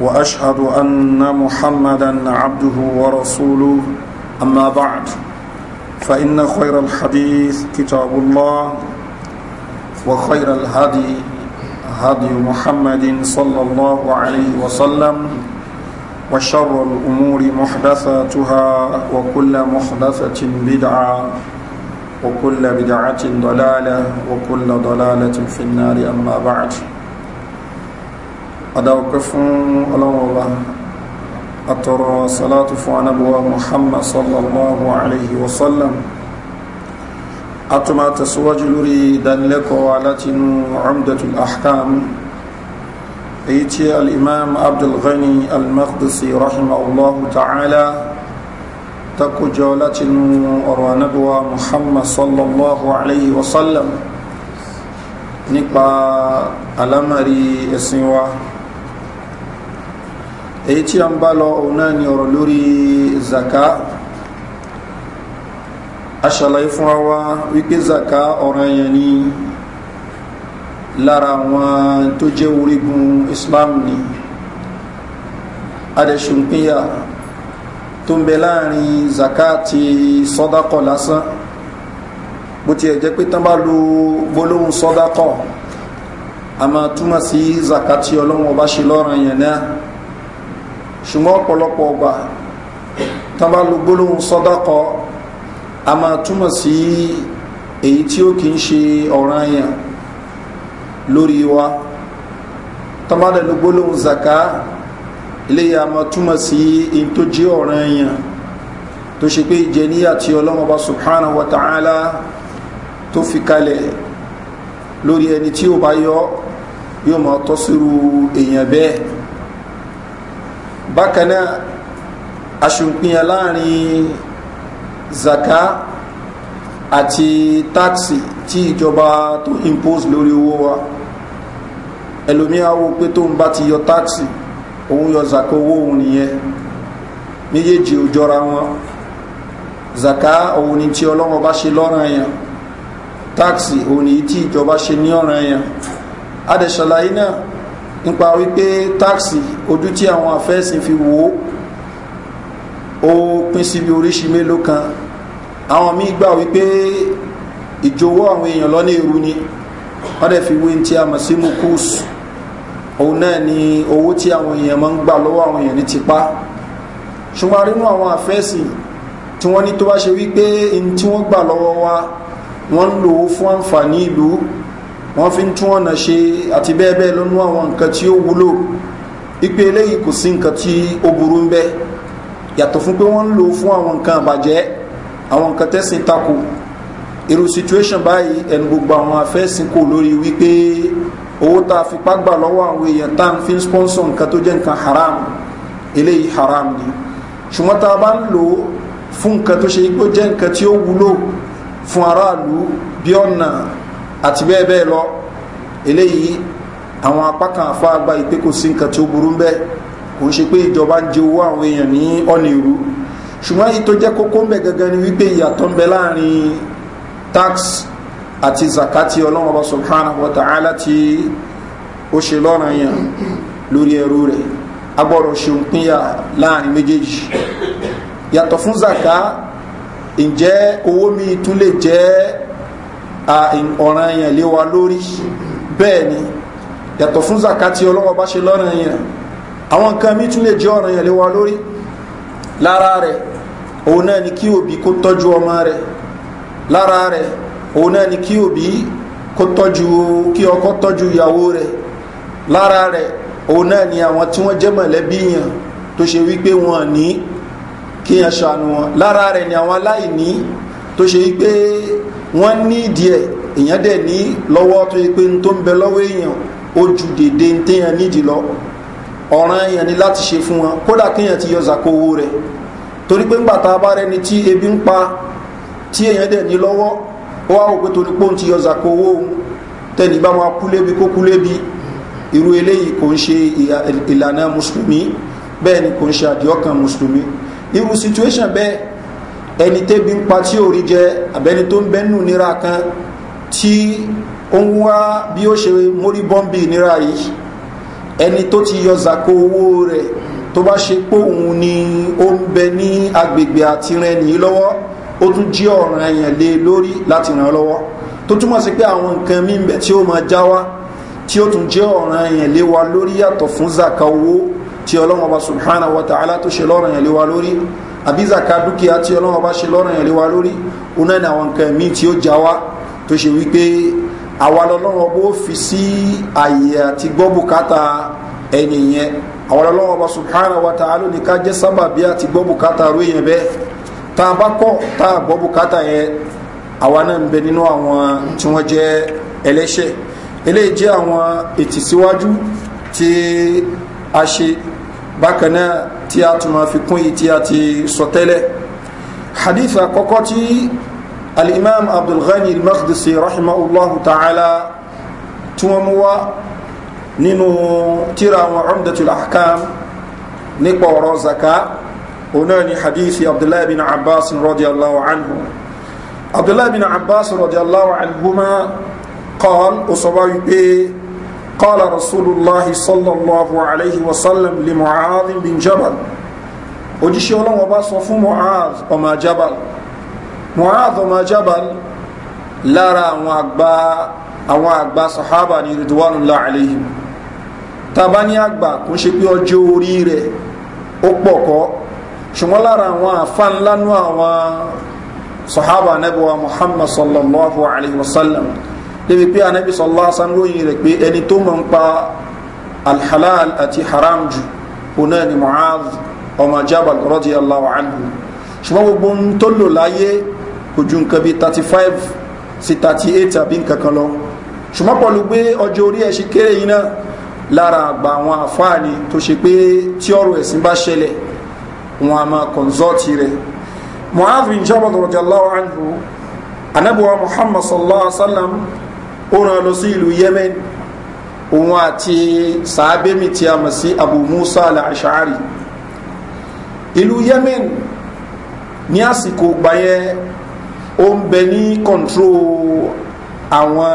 واشهد ان محمدا عبده ورسوله اما بعد فان خير الحديث كتاب الله وخير الهدي هدي محمد صلى الله عليه وسلم وشر الامور محدثاتها وكل محدثه بدعه وكل بدعه ضلاله وكل ضلاله في النار اما بعد adáwọ̀pẹ́ fún ọlọ́wọ́ba àtọ̀rọ̀ salatu fún anábọ̀wá muhammad sallallahu alayhi wa sallam a tún máa tẹ̀síwájú lórí ìdánilẹ́kọ̀ọ́ alátinú umdatul ahkam èyí tí al'imam abdulghani al-maqdisi rahimahullahu ta'ala takujọ látinú ọ̀rọ̀ anábọ̀wá muhammad sallallahu alayhi wa nípa alamari ẹ̀sìn wa èyí tí a ń bá lọ òun náà ni ọ̀rọ̀ lórí zaka aṣàlàyé fún wa wípé zaka ọ̀ràn yẹn ni lára àwọn tó jẹ́ orígun islam ni adẹ̀ṣùnpínyà tó ń bẹ láàrin zaka ti sọ́dákọ̀ lásán bó ti ẹ̀jẹ́ pé tán bá lo gbólóhùn sọ́dákọ̀ a máa túmọ̀ sí zaka tí ọlọ́run ọba ṣe lọ́ràn yẹn náà ṣùgbọ́n ọ̀pọ̀lọpọ̀ ọgbà tán bá lo gbólóhùn sọ́dákọ a máa túmọ̀ sí èyí tí ó kì í ṣe ọ̀ràn àyàn lórí wa tán bá dẹ̀ gbólóhùn zaka eléyà a máa túmọ̀ sí èyí tó jẹ́ ọ̀ràn àyàn tó ṣe pé ìjẹníyà tí ọlọ́mọba subhanahu wa ta'ala tó fi kalẹ̀ lórí ẹni tí ó bá yọ yóò máa tọ́ sírú èèyàn bẹ́ẹ̀ bákan náà aṣùnpìyàn láàrin zaka àti táàkì tí ìjọba tó impose lórí owó wa ẹlòmíà wo pé tóun bá ti yọ táàkì òun yọ zaka owó òun nìyẹn méjèèjì ò jọra wọn zaka òun ni tí ọlọ́wọ́ bá ṣe lọ́ràn yẹn táàkì òun ni tí ìjọba ṣe ní ọ̀ràn yẹn adẹ̀ṣàlàyé náà nípa wípé táàsì ojú tí àwọn afẹ́sìn fi wò ó pín síbi oríṣi mélòó kan àwọn míì gbà wípé ìjòwó àwọn èèyàn lọ́nà èrú ni wọ́n dẹ̀ fi wé ní tí a mọ̀ sí mukus òun náà ni owó tí àwọn èèyàn máa ń gbà lọ́wọ́ àwọn èèyàn ní tipa ṣùgbọ́n arínú àwọn àfẹ́sìn tí wọ́n ní tó bá ṣe wípé ní tí wọ́n gbà lọ́wọ́ wa wọ́n ń lò ó fún àǹfààní ìlú wọ́n fi ń tún ọ̀nà ṣe àti bẹ́ẹ̀ bẹ́ẹ̀ lọ́nú àwọn nǹkan tí ó wúlò ipe eléyìí kò sí nǹkan tí ó burú ń bẹ́ yàtọ̀ fún pé wọ́n ń lò fún àwọn nǹkan àbàjẹ́ àwọn nǹkan tẹ́sìn tako irú situation báyìí ẹnu gbogbo àwọn afẹ́sìn kò lórí wípé owó tá a fi págbà lọ́wọ́ àwọn èèyàn tá à fi ń sponsor nǹkan tó jẹ́ nǹkan haram eléyìí haram ni ṣùgbọ́n tá a bá ń lò ó fún nǹkan tó ṣe pé ó jẹ́ nǹkan tí ó wúlò fún aráàlú bí ọ̀nà àti bẹ́ẹ̀ bẹ́ẹ̀ lọ eléyìí àwọn apá kan àfa àgbà ìpé kò sí nǹkan tí ó burú bẹ́ẹ̀ kò ń ṣe pé ìjọba ń jẹ owó àwọn èèyàn ní ọ̀nà ìrú ṣùgbọ́n èyí tó jẹ́ kókó ń bẹ̀ gangan ni wípé ìyàtọ̀ ń bẹ láàrin tax àti zakati ọlọ́run ọba subhanahu wa ta'ala ti ó ṣe lọ́ràn yẹn lórí ẹrú rẹ̀ agbọ́dọ̀ ṣe ń pínyà láàrin méjèèjì yàtọ̀ fún zaka ǹjẹ́ owó mi tún lè jẹ́ ọ̀ràn yẹn lé wa lórí bẹ́ẹ̀ ni yàtọ̀ fún zakati ọlọ́wọ́ bá ṣe lọ́ràn yẹn àwọn nǹkan mi tún lè jẹ́ ọ̀ràn yẹn lé wa lórí lára rẹ̀ òun náà ni kí òbí kó tọ́jú ọmọ rẹ̀ lára rẹ̀ òun náà ni kí òbí kó tọ́jú kí ọkọ tọ́jú ìyàwó rẹ̀ lára rẹ̀ òun náà ni àwọn tí wọ́n jẹ́ mọ̀lẹ́bí yàn tó ṣe wípé wọn ní kí yẹn ṣàánú wọn lára rẹ̀ ni àwọn aláìní tó ṣe pé wọ́n ní díẹ̀ èèyàn dẹ̀ ní lọ́wọ́ tó ṣe pé n tó ń bẹ lọ́wọ́ èèyàn ó ju dèdè ń téèyàn nídìí lọ ọ̀ràn èèyàn ni láti ṣe fún wọn kódà kéèyàn ti yọ zàkó owó rẹ̀ torí pé ńgbà tá a bá tí ebi ń pa tí èèyàn dẹ̀ ní lọ́wọ́ ó wá wò pé torí pé òun ti yọ zàkó owó òun tẹ́ni bá máa kú lébi kó kú lébi irú eléyìí kò ń ṣe ìlànà mùsùlùmí bẹ́ẹ̀ ni kò ń ṣe àdìọ́kàn mùsùlùmí irú situation bẹ́ẹ̀ ẹni tẹ́bi ń pa tí ò rí jẹ àbẹ́ni tó ń bẹ́nu nira kan tí ó ń wá bí ó ṣe mórí bọ́m̀bì nira yìí ẹni tó ti yọ zàkó owó rẹ̀ tó bá ṣe pé òun ni ó ń bẹ ní agbègbè àtirẹ̀ nìyí lọ́wọ́ ó tún jí ọ̀ràn èèyàn lé lórí láti ràn án lọ́wọ́ tó túmọ̀ sí pé àwọn nǹkan míì bẹ̀ tí ó máa já wá tí ó tún jẹ́ ọ̀ràn èèyàn lé wa lórí yàtọ̀ fún zaka owó tí ọlọ́mọba subhanahu wa ta'ala tó ṣe lọ́ràn èèyàn lé wa lórí àbí zaka dúkìá tí ọlọ́wọ́n bá ṣe lọ́rùn ìrìn lórí òun ni àwọn nǹkan míì tí ó já wa tó ṣe wípé àwa lọ́lọ́wọ́n bó fi sí àyè àti gbọ́ bùkátà ẹni yẹn àwa lọ́lọ́wọ́n bá subhanahu wa ta'ala ní ká jẹ́ sábàbí àti gbọ́ bùkátà ró yẹn bẹ́ẹ̀ tá a bá kọ́ tá a gbọ́ yẹn àwa náà ń bẹ nínú àwọn tí wọ́n jẹ́ ẹlẹ́ṣẹ̀ eléyìí jẹ́ àwọn ètìsíwájú tí a ṣe bákan náà tí a tún máa fi kún yìí tí a ti sọ tẹ́lẹ̀ hadith àkọ́kọ́ tí al-imam abdulghani al-maqdisi rahimahullahu ta'ala tí wọ́n mú wá nínú tíra àwọn umdatul ahkam nípa ọ̀rọ̀ zaka òun ni hadithi abdullahi bin abbas radiyallahu anhu abdullahi bin abbas radiyallahu anhu ma kọ́ ọ́ sọ wípé قال رسول الله صلى الله عليه وسلم لمعاذ بن جبل òjíṣẹ́ ọlọ́run ọba sọ fún Mu'az ọmọ Jabal Mu'az ọmọ Jabal lára àwọn àgbà àwọn àgbà sàhábà ní ridwanullahi alayhim tàbá ní àgbà kò ń ṣe pé ọjọ́ orí rẹ̀ ó pọ̀ kọ́ ṣùgbọ́n lára àwọn àfáà àwọn sàhábà nẹ́bùwà Muhammad sallallahu alayhi wa sallam débi pé anabi sọlá sanwóyin rẹ̀ pé ẹni tó mọ̀ ń pa alhalal àti haram jù òun náà ni mu'adh ọmọ jabal rọ́dí aláwọ̀ anhu ṣùgbọ́n gbogbo ń tó lò láyé kò ju nǹkan bíi thirty five sí thirty eight àbí nǹkan kan lọ ṣùgbọ́n pọ̀lú pé ọjọ́ orí ẹ̀ ṣe kéré yìí náà lára àgbà àwọn àfáàní tó ṣe pé tí ọrọ̀ ẹ̀sìn bá ṣẹlẹ̀ wọn a máa kọ̀ǹsọ́ọ̀tì rẹ̀ mu'adh bin jabal rọ́dí aláwọ̀ anhu anabuwa muhammad sallallahu alaihi wa sallam ó rán lọ sí ìlú yemen òun àti sàábẹ́mì tí a mọ̀ sí abu musa al-ashari ìlú yemen ní àsìkò gbáyẹ ó ń bẹ ní kọ̀ntró àwọn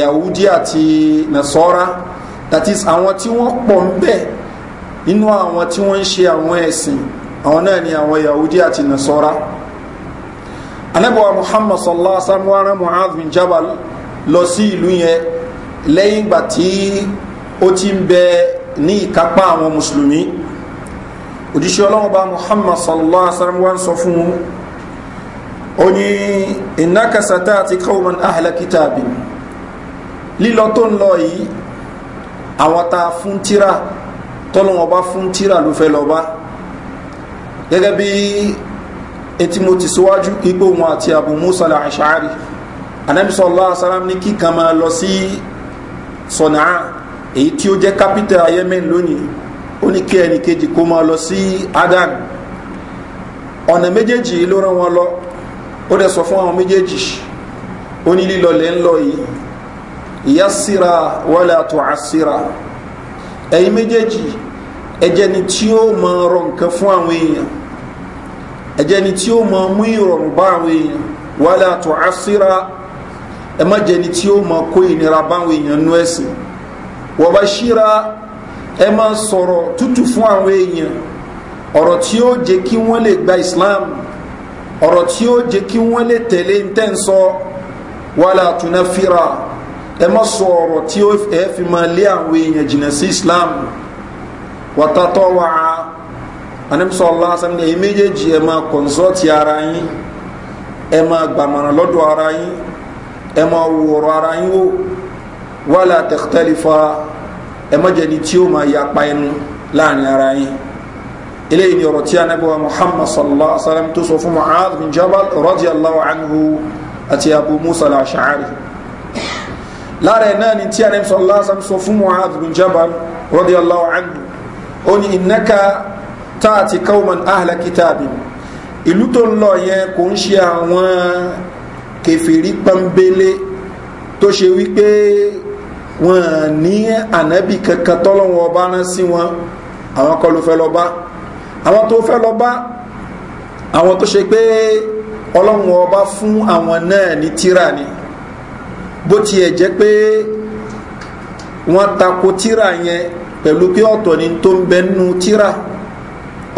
yahudi àti nasọ́ra that is àwọn tí wọ́n pọ̀ ń bẹ̀ nínú àwọn tí wọ́n ń ṣe àwọn ẹ̀sìn àwọn náà ni àwọn yahudi àti nasọ́ra anábọ̀wá muhammad sallallahu alaihi wa sallam wa rahmatulahi jabal lọ sí ìlú yẹn lẹ́yìn ìgbà tí ó ti ń bẹ ní ìkápá àwọn mùsùlùmí òjíṣẹ́ ọlọ́run bá muhammad sallallahu alaihi wa sallam wá ń sọ fún un ó ní ìnákasata àti kọ́wọ́n ahla kitabi lílọ tó ń lọ yìí àwọn tá a fún tíra tọ́lọ́wọ́n bá fún tíra ló fẹ́ lọ bá gẹ́gẹ́ bí etí mo ti síwájú igbó wọn àti abu musa al-ashari anabi sọlá asalam ní kí kan máa lọ sí sọnàá èyí tí ó jẹ́ kápítà yemen lónìí ó ní kí ẹnì kejì kó máa lọ sí adan ọ̀nà méjèèjì ló rán wọn lọ ó dẹ̀ sọ fún àwọn méjèèjì ó ní lílọ lẹ́ ń lọ yìí ìyá síra wàlẹ̀ àtọ̀ àsíra ẹ̀yin méjèèjì ẹjẹ́ ni tí ó mọ rọ nǹkan fún àwọn èèyàn ẹjẹ́ ni tí ó mọ mú ìrọ̀rùn bá àwọn èèyàn wàlẹ̀ àtọ̀ àsíra ẹ má jẹni tí ó mọ kó ìnira báwọn èèyàn nú ẹ̀sìn wọ́n bá ṣíra ẹ má sọ̀rọ̀ tútù fún àwọn èèyàn ọ̀rọ̀ tí ó jẹ́ kí wọ́n lè gba islam ọ̀rọ̀ tí ó jẹ́ kí wọ́n lè tẹ̀lé ntẹ́nsọ wàhálà àtúná fira ẹ má sọ ọ̀rọ̀ tí ẹ fi máa lé àwọn èèyàn jìnnà sí islam wàtátọ́ wàá anamsọ ọlọ́sàn ní ẹ méjèèjì ẹ máa kọ̀nsọ́ọ̀tì ara yín ẹ máa gbàmọ̀ràn lọ́dọ̀ ara yín ẹ máa wòrò ara yín wò wàhálà tẹ̀kítẹ́lifà ẹ má jẹ́ni tí ó máa yapa ẹnu láàrin ara yín eléyìí ni ọ̀rọ̀ tí ànábì wa muhammad sallallahu alaihi wa sallam tó sọ fún mu'adh bin jabal radiyallahu anhu àti abu musa al-ash'ari lára ẹ̀ náà ni tí ànábì sallallahu alaihi wa sọ fún mu'adh bin jabal radiyallahu anhu ó ní ìnáka táàtì kauman ahla ìlú tó ń lọ yẹn kò ń ṣe àwọn kẹfìrí pọ́nbélé tó ṣe wípé wọn ní ànábì kankan tọ́lọ́wọ́n ọba rán sí wọn àwọn kọ́ ló fẹ́ lọ bá àwọn tó fẹ́ lọ bá àwọn tó ṣe pé ọlọ́run ọba fún àwọn náà ní tíra ni bó tiẹ̀ jẹ́ pé wọ́n tako tíra yẹn pẹ̀lú pé ọ̀tọ̀ ni tó ń bẹ nínú tíra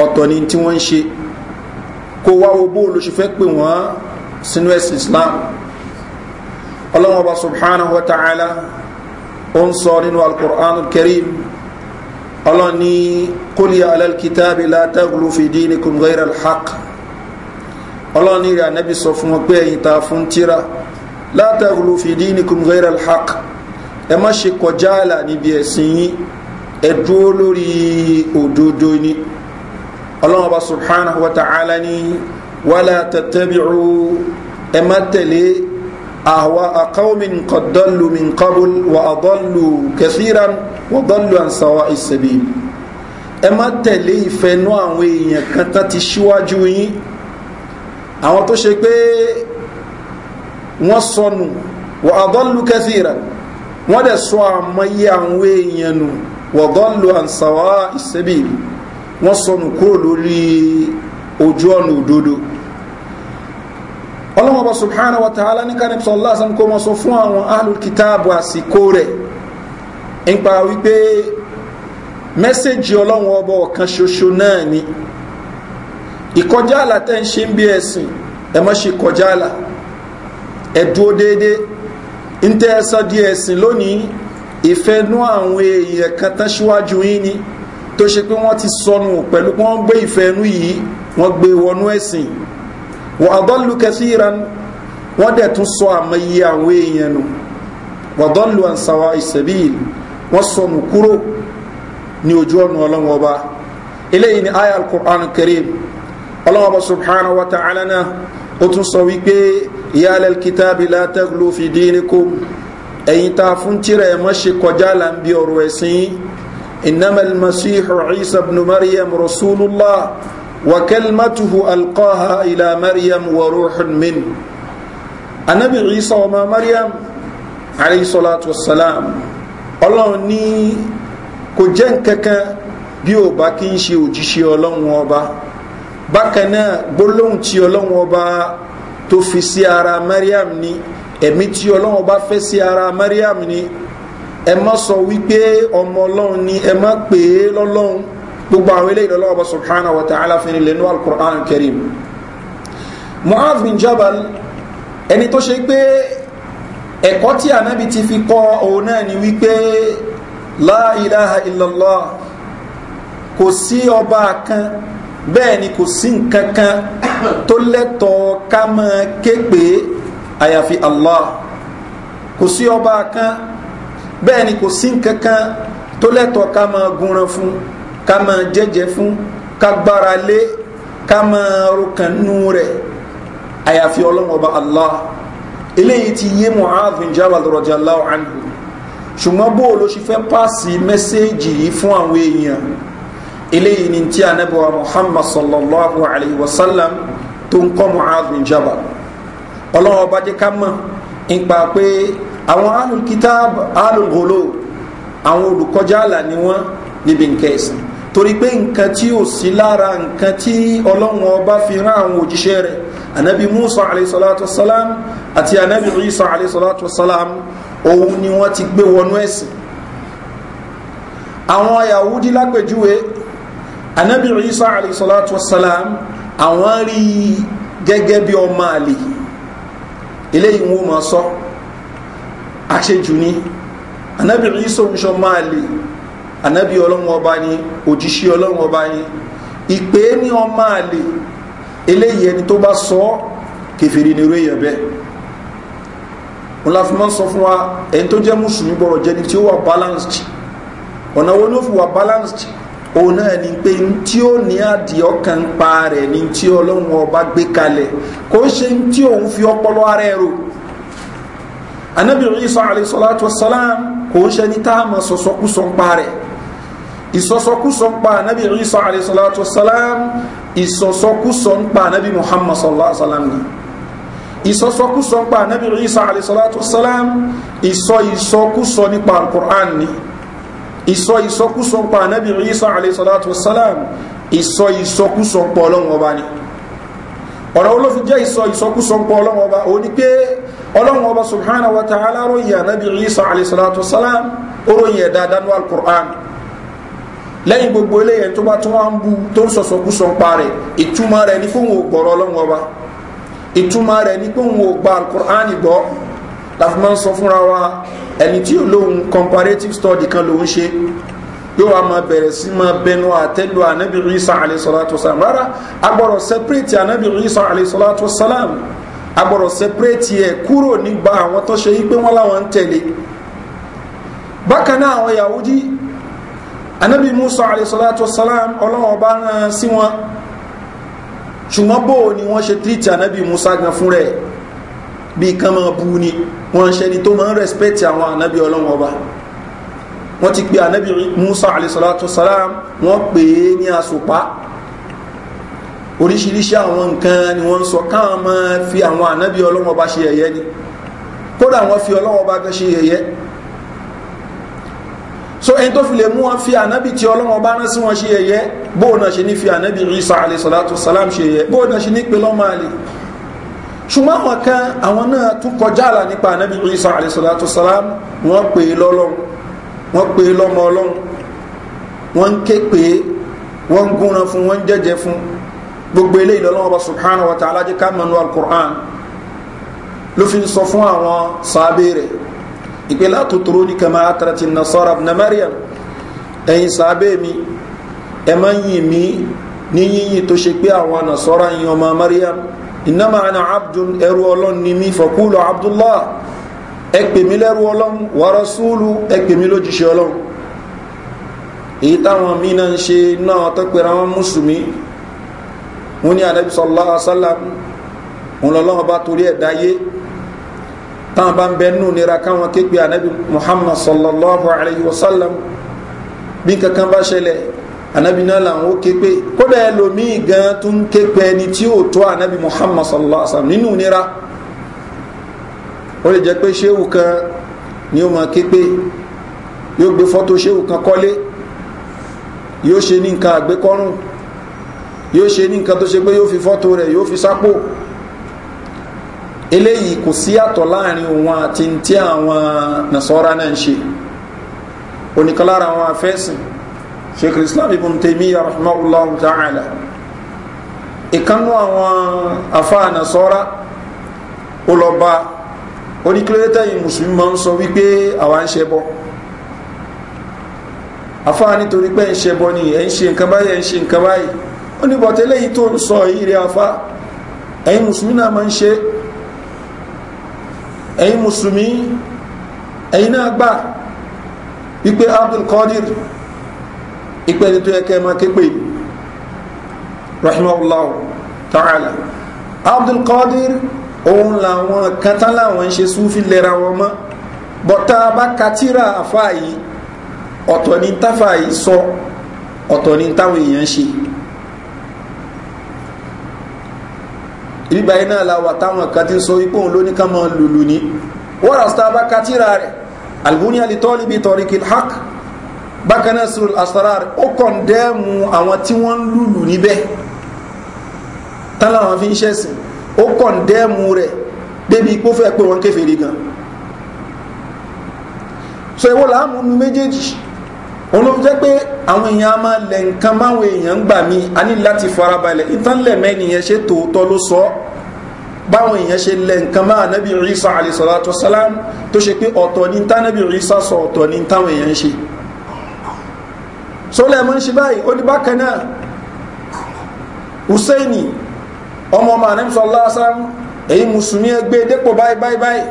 ọ̀tọ̀ ni tí wọ́n ń ṣe kó wá owó olóṣù fẹ́ pè wọ́n sínú ẹ̀sìn islam ọlọ́run ọba subhanahu wa ta'ala ó ń sọ nínú alukur'an kareem ọlọ́run ní kúlíà alalkitaabi látàgùlù fìdí ní kùngẹ́rẹ́ alhaq ọlọ́run ní rẹ̀ anábì sọ fún wọn pé ẹ̀yìn ta fún tíra látàgùlù fìdí ní kùngẹ́rẹ́ alhaq ẹ má ṣe kọjá àlà níbi ẹ̀sìn yín ẹ dúró lórí òdodo ni ọlọ́run subhanahu wa ta'ala ní wala tatabi'u ẹ má tẹ̀lé àwa àkọ́wọ́mìn kọ̀dọ́lù min qabul wa adallu kathiran wa adallu an sawa'i sabil ẹ má tẹ̀lé ìfẹ́nú àwọn èèyàn kan tán ti ṣíwájú yín àwọn tó ṣe pé wọ́n sọnù wa adallu kathiran wọ́n dẹ̀ sọ àmọ́yé àwọn èèyàn nù wa adallu an sawa'i sabil wọ́n sọnù kúrò lórí ojú ọ̀nà òdodo ọlọ́wọ́n bá subhanahu wa ta'ala ní kanip lásán kó mọ́ sọ fún àwọn ahlul àsìkò rẹ̀ nípa wípé mẹ́sẹ̀jì ọlọ́wọ́n ọba ọ̀kan ṣoṣo náà ni ìkọjá àlà tẹ́ ń ṣe ń bí ẹ̀sìn ẹ má ṣe kọjá àlà ẹ dúró déédéé ń tẹ́ ẹ sọ di ẹ̀sìn lónìí ìfẹ́nú àwọn èèyàn kan tán síwájú yín ni tó ṣe pé wọ́n ti sọnù pẹ̀lú pé wọ́n gbé ìfẹ́nú yìí wọ́n gbé wọnú ẹ̀sìn wọ́n adọ́lù kẹsíran wọ́n dẹ̀ tún sọ àmọ́yé àwọn èèyàn nù wọ́n adọ́lù àǹsàwà ìsẹ̀bíl wọ́n sọnù kúrò ní ojú ọ̀nà ọlọ́wọ́ ọba eléyìí ni aya alukur'an kareem ọlọ́wọ́ ọba subhanahu wa ta'ala náà ó tún sọ wípé ìyáàlẹ̀ kìtàbí látàgùlù fìdí ní kò ẹ̀yìn tá a fún tìrẹ̀ ẹ̀ mọ́ kọjá là ọ̀rọ̀ ẹ̀sìn ìnámẹ́lì masíhù ìsàbùnú mariam rasulullah وكلمته ألقاها إلى مريم وروح من النبي عيسى وما مريم عليه الصلاة والسلام الله ني كجن كك بيو باكين شي وجيشي الله وبا بكنا بولون تي الله وبا تفسي على مريم ني ẹ̀mí tí ọlọ́run bá fẹ́ sí ara mariam ni ẹ má sọ wípé ọmọ ọlọ́run ni ẹ má pè é lọ́lọ́run gbogbo àwọn eléyìí lọ́wọ́ bá subhanahu wa ta'ala fi nílẹ̀ ní al-Qur'an al-Karim Mu'adh bin Jabal ẹni tó ṣe pé ẹ̀kọ́ tí ànábì ti fi kọ́ òun náà ni wípé la ilaha kò sí ọba kan bẹ́ẹ̀ ni kò sí nǹkan kan tó lẹ́tọ̀ọ́ ká máa ké pè àyàfi Allah kò sí ọba kan bẹ́ẹ̀ ni kò sí nǹkan kan tó lẹ́tọ̀ọ́ ká máa gúnran fún un ká máa jẹ́jẹ́ fún ká gbára lé ká máa rọkàn nú rẹ̀ àyàfi ọlọ́run ọba allah eléyìí ti yé mu'adh bin jabal radiyallahu anhu ṣùgbọ́n bó ló ṣe fẹ́ pàṣẹ mẹ́sẹ́ẹ̀jì yìí fún àwọn èèyàn eléyìí ni tí ànábì wa muhammad sallallahu alayhi wa sallam tó ń kọ́ mu'adh bin jabal ọlọ́run ọba ká mọ̀ nípa pé àwọn alùkítàb alùgòlò àwọn olùkọjá àlà ni wọ́n níbi nǹkan torí pé nǹkan tí ò sí lára nǹkan tí ọlọ́run ọba fi rán àwọn òjíṣẹ́ rẹ̀ anabi musa alayhisalatu wasalam àti anabi isa alayhisalatu wasalam òun ni wọ́n ti gbé wọnú ẹ̀sìn àwọn yahudi lápèjúwe anabi isa alayhisalatu wasalam àwọn rí gẹ́gẹ́ bí ọmọ àlè eléyìí wọn máa sọ àṣejù ni anabi isa oníṣọ́ máa lè anabi ọlọ́run ọba ni òjíṣẹ́ ọlọ́run ọba ni ìpè ní ọmọ àlè eléyìí ẹni tó bá sọ ọ́ kẹfìrí ni orí èèyàn bẹ́ẹ̀ wọn láfi máa ń sọ fún wa ẹni tó jẹ́ mùsùlùmí bọ̀rọ̀ jẹni tí ó wà balanced ọ̀nà wo ni ó fi wà balanced òun náà ni pé tí ó ní àdìẹ ọkàn ń pa rẹ̀ ni tí ọlọ́run ọba gbé kalẹ̀ kó ṣe tí òun fi ọpọlọ ara ẹ̀ rò anabi isa alayhi salatu wa salam kò ń ṣe ní táàmù sọ̀sọ́kú sọ̀ ń pa rẹ̀ ìsọsọkúsọ ń pa ànábì Isa alayhi salatu wassalam ìsọsọkúsọ ń pa ànábì Muhammad sallallahu alayhi wa sallam ni ìsọsọkúsọ nípa ànábì Isa alaihissalatu wasalam ìsọ ìsọkúsọ nípa alkùrán ni ìsọ ìsọkúsọ nípa ànábì Isa alaihissalatu wasalam ìsọ ìsọkúsọ nípa Ọlọ́hun Ọba ni ọ̀rọ̀ olófin jẹ́ ìsọ ìsọkúsọ nípa Ọlọ́hun Ọba o ní pé Ọlọ́hun Ọba subhanahu wa ta'ala ròyìn ànábì Isa alaihissalatu wasalam ó ròyìn ẹ̀dá dánú alkùrán lẹ́yìn gbogbo eléyẹn tó bá tún wá ń bu tó ń sọ̀sọ̀kúsọ̀ ń pa rẹ̀ ìtumọ̀ rẹ̀ ní fóun ò gbọ̀rọ̀ ọlọ́run ọba ìtumọ̀ rẹ̀ ní ò gba alukur'an gbọ́ láti máa ń sọ fúnra wa ẹni tí lóun comparative study kan lòun ṣe yóò wá máa bẹ̀rẹ̀ sí máa bẹnu àtẹ́lu anabi isa alayhisalatu salam rárá agbọ̀rọ̀ separate anabi isa alayhisalatu salam agbọ̀rọ̀ separate ẹ̀ kúrò nígbà àwọn tó ṣe yí pé wọ́n láwọn anabi musa alayhisalatu wasalam ọlọ́wọ́n bá rán sí wọn ṣùgbọ́n bó ni wọ́n ṣe tírìtì anabi musa gan fún rẹ̀ bíi kan máa bu ni wọ́n ṣe ni tó máa ń rẹ́spẹ̀tì àwọn anabi ọlọ́wọ́n ọba wọ́n ti pe anabi musa alayhisalatu wasalam wọ́n pè é ní asùpá oríṣiríṣi àwọn nǹkan ni wọ́n ń sọ káwọn máa fi àwọn anabi ọlọ́wọ́n ọba ṣe ẹ̀yẹ ni kódà wọ́n fi ọlọ́wọ́n ọba gan ṣe ẹ̀yẹ so ẹni tó fi lè mú wọn fi ànábì tí ọlọ́wọ́n bá rán sí wọn ṣe yẹyẹ bóun náà ṣe ní fi ànábì isa alayhisalatu salam ṣe yẹyẹ bóun náà ṣe ní pe lọ́mọ àlè ṣùgbọ́n àwọn kan àwọn náà tún kọjá àlà nípa ànábì isa alayhisalatu salam wọ́n pè é lọ́lọ́run wọ́n pè é lọ́mọ ọlọ́run wọ́n ń ké pè é wọ́n ń gúnran fún wọ́n ń jẹ́jẹ́ fún gbogbo eléyìí lọ́lọ́wọ́ bá subhanahu wa ta'ala jẹ́ ká mọ̀ alukur'an ló fi sọ fún àwọn sábẹ́ rẹ̀ ìpè látòtòrò ní kama atarati nasara na mariam ẹ̀yin sàbẹ̀ mi ẹ máa ń yìn mí ní yíyìn tó ṣe pé àwọn nasara yin ọmọ mariam ìnáma ana abdul ẹrú ọlọ́run ni mí fọkúlọ abdullah ẹ pè mí lẹ́rú ọlọ́run wàrà súlù ẹ pè mí lójúṣe ọlọ́run èyí táwọn míì náà ń ṣe náà tó pera wọn mùsùlùmí wọn ní anabi sọlá asálàm wọn bá torí ẹ̀ dáyé táwọn bá ń bẹ nù nira káwọn képe anabi muhammad sallallahu alayhi wa sallam bí kankan bá ṣẹlẹ̀ anabi náà làwọn ó képe kódà ẹlòmíì gan tó ń képe ẹni tí ó tó anabi muhammad sallallahu alayhi wa sallam nínú nira ó lè jẹ́ pé ṣéwù kan ni ó máa képe yóò gbé fọ́tò ṣéwù kan kọ́lé yóò ṣe ní nǹkan àgbékọ́rùn yóò ṣe ní nǹkan tó ṣe pé yóò fi fọ́tò rẹ̀ yóò fi sápò eléyìí kò sí àtọ̀ láàrin òun àti tí àwọn nasọ́ra náà ń ṣe oníkalára àwọn afẹ́sìn sheikh islam ibn taymiya rahmatulah ta'ala ìkànnú àwọn afáà nasọ́ra ó lọ bá oníkílódétà yìí mùsùlùmí máa ń sọ wípé àwa ń ṣẹbọ afáà nítorí pé ń ṣẹbọ ni ẹ̀ ń ṣe nǹkan báyìí ẹ̀ ń ṣe nǹkan báyìí ó ní bọ̀tẹ́lẹ́yìí tó ń sọ yìí rí afá ẹ̀yin mùsùlùmí náà máa ń ṣe é ẹ̀yin mùsùlùmí ẹ̀yin náà gbà wípé abdul qadir ipe ẹni tó yẹ kẹ́ ẹ máa ké pè rahimahullah ta'ala abdul qadir òun làwọn kátà làwọn ń ṣe súnfì lẹ́ra wọn mọ́ bọ́tà bá katira àfáà yìí ọ̀tọ̀ ní táfà yìí sọ ọ̀tọ̀ ní táwọn èèyàn ń ṣe. ibà iná la wà táwọn kan ti sọ ipò òun lóní ká máa lùlù ní wọ́n rà bá katira rẹ̀ albuni alitọ́lì bíi tọ́ríkì hak bákan náà sùrù àsàrà rẹ̀ ó kàn dẹ́mu àwọn tí wọ́n ń lùlù níbẹ̀ tán láwọn fi ń ṣẹ̀sìn ó kàn dẹ́mu rẹ̀ débi pé ó fẹ́ pé wọ́n kéferì gan so ìwọ làámu nu méjèèjì òun ló jẹ́ pé àwọn èèyàn a máa lẹ̀ nǹkan máwọn èèyàn gbà mí a ní láti farabalẹ̀ ìtàn nìyẹn ṣe tòótọ́ ló sọ ọ́ báwọn èèyàn ṣe lẹ nǹkan máa nábì Ìsá àlèsọ̀látò sálám tó ṣe pé ọ̀tọ̀ ní tá nábì Ìsá sọ ọ̀tọ̀ ní táwọn èèyàn ṣe sólẹ́mọ́ ń ṣe báyìí ó ní bákan náà Hùsẹ́ìnì ọmọ ọmọ ànẹ́mùsọ̀lá sálám èyí mùsùlùmí ẹgbẹ́ dépò báyìí báyìí báyìí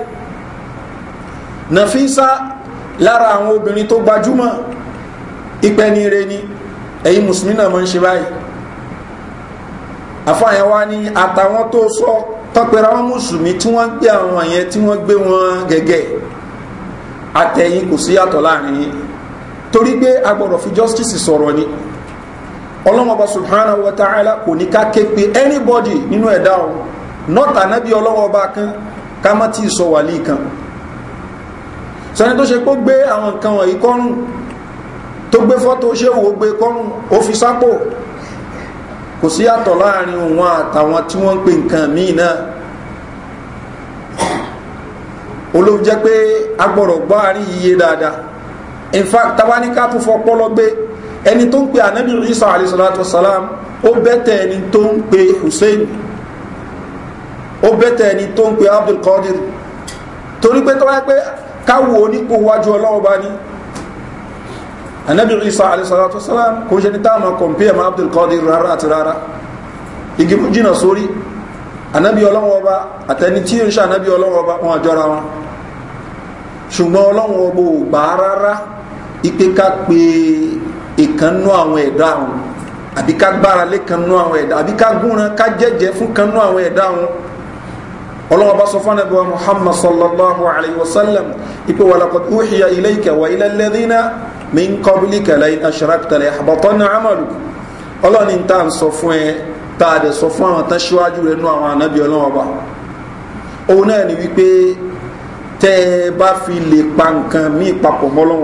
Nàfísà lára àwọn obìnrin tó gbajúmọ̀ ìpẹ́ni rẹ ni èyí mùsùlùmí náà mọ́ ń ṣe báyìí àfáàyàn wa ni àtàwọn tó sọ so, tọpẹrẹ àwọn mùsùlùmí tí wọ́n gbé àwọn yẹn tí wọ́n gbé wọn gẹ́gẹ́ àtẹ̀yìn kò sí yàtọ̀ láàrin yìí torí pé a gbọ́dọ̀ fi justice sọ̀rọ̀ ni ọlọ́mọba Subhana wa ta'ala kò ní ká ké pe anybody nínú ẹ̀dá o not anabi ọlọ́mọba kan ká má tí ì sọ wàlí kan sọni tó ṣe pé gbé àwọn nǹkan wọ̀nyí kọ́rùn tó gbé fọ́tò ṣéwò gbé kọ́rùn ó sápò kò sí yàtọ̀ láàrin òun àtàwọn tí wọ́n ń pè nǹkan míì náà olóhùn jẹ́ pé a gbọ́dọ̀ gbọ́ àárín iye dáadáa in fact tabaníkà tó fọpọ́lọ́ gbé ẹni tó ń pe anabi isa alayhisalatu salam ó bẹ́tẹ̀ ẹni tó ń pe hussein ó bẹ́tẹ̀ ẹni tó ń pe abdulkadir torí pé tọ́wọ́ pé káwo onípò wájú ọlọ́wọ́ bá ní anabi isa alayhisalatu wasalam kò ń ṣe ní táàmà kọ̀mpíà ma abdul qadir rárá àti rárá igi mú jìnà sórí anabi ọlọ́wọ́ ọba àtẹni tí ń ṣe anabi ọlọ́wọ́ ọba wọn àjọra wọn ṣùgbọ́n ọlọ́wọ́ ọba ò gbà rárá ipe ká pe ìkànnú àwọn ẹ̀dá àwọn àbí ká gbára lé kanú àwọn ẹ̀dá àbí ká gúnran ká jẹ́jẹ́ fún kanú àwọn ẹ̀dá àwọn ọlọ́wọ́ bá sọ fún ẹbí muhammad sallallahu alayhi wa sallam ipe wàlàkọ̀tù uhiya ilayka wa ilẹ̀ lẹ́dínà min ń kọ́bílì kẹlẹ́ aṣọ́rakítàlẹ̀ àbọ̀tọ́ ní amalu ọlọ́ni tá à taa sọ fún ẹ tá a sọ fún àwọn tán síwájú rẹ̀ nú àwọn ànábì ọlọ́wọ́ bá òun náà ni wípé tẹ́ ẹ bá fi lè pa nǹkan míì papọ̀ mọ́ ṣe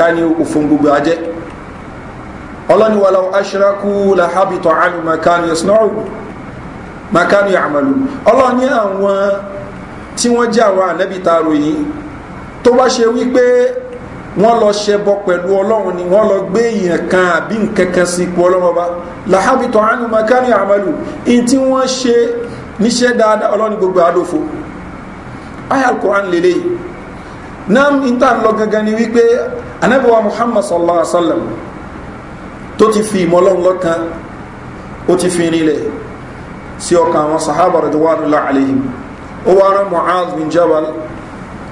gbogbo ẹ̀ ni gbogbo tí wọ́n jẹ́ àwọn ànábì ta ròyìn tó bá ṣe wípé wọ́n lọ ṣẹbọ pẹ̀lú ọlọ́run ni wọ́n lọ gbé èèyàn kan àbí nkankan sí ipò ọlọ́run ọba làhábìtọ̀ ánú makani àmàlù in tí wọ́n ṣe níṣẹ́ dáadáa ọlọ́run gbogbo àdófo ayà alukur'an lélẹ̀ náà in tá ń lọ gangan ni wípé anábìwa muhammad sallallahu alaihi wa sallam tó ti fi ìmọ̀ ọlọ́run lọ́kan ó ti fi rinlẹ̀ sí ọkàn àwọn sahaba rẹ̀ tó wà nílá àlehìn ó wá rán mu'az bin jabal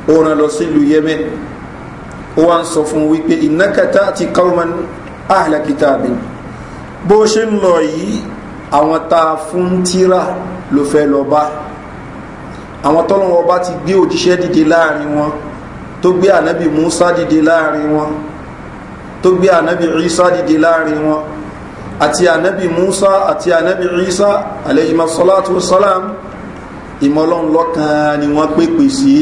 ó rán lọ sí ìlú yemen ó wá ń sọ fún wípé ìnákàtà àti kauman ahla kitabi bó ṣe ń lọ yìí àwọn tá a fún tíra ló fẹ́ lọ bá àwọn tọ́lọ́wọ́ bá ti gbé òjíṣẹ́ dìde láàrin wọn tó gbé ànábì musa dìde láàrin wọn tó gbé ànábì isa dìde láàrin wọn àti ànábì musa àti ànábì isa alayhi masalatu wasalam salam ìmọ̀lọ́run lọ́kàn ni wọ́n pèpè sí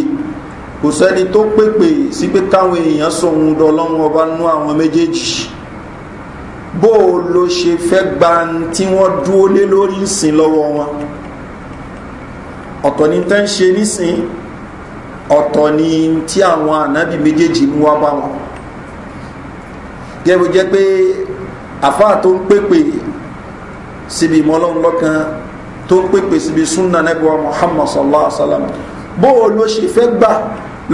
kò sẹ́ni tó pèpè sí pé káwọn èèyàn sòun dọ́lọ́run ọba nú àwọn méjèèjì bó o lo ṣe fẹ́ gba tí wọ́n dúó lé lórí ìsìn lọ́wọ́ wọn ọ̀tọ̀ ni tẹ́ ń ṣe nísìn ọ̀tọ̀ ni tí àwọn ànábì méjèèjì mú wá bá wọn gẹ́gbẹ́ jẹ́ pé àfáà tó ń pèpè síbi ìmọ̀lọ́run lọ́kàn tó ń pèpè síbi súnà nẹ́gbẹ̀wá muhammad sallallahu alaihi wa sallam bó o ló ṣe fẹ́ gbà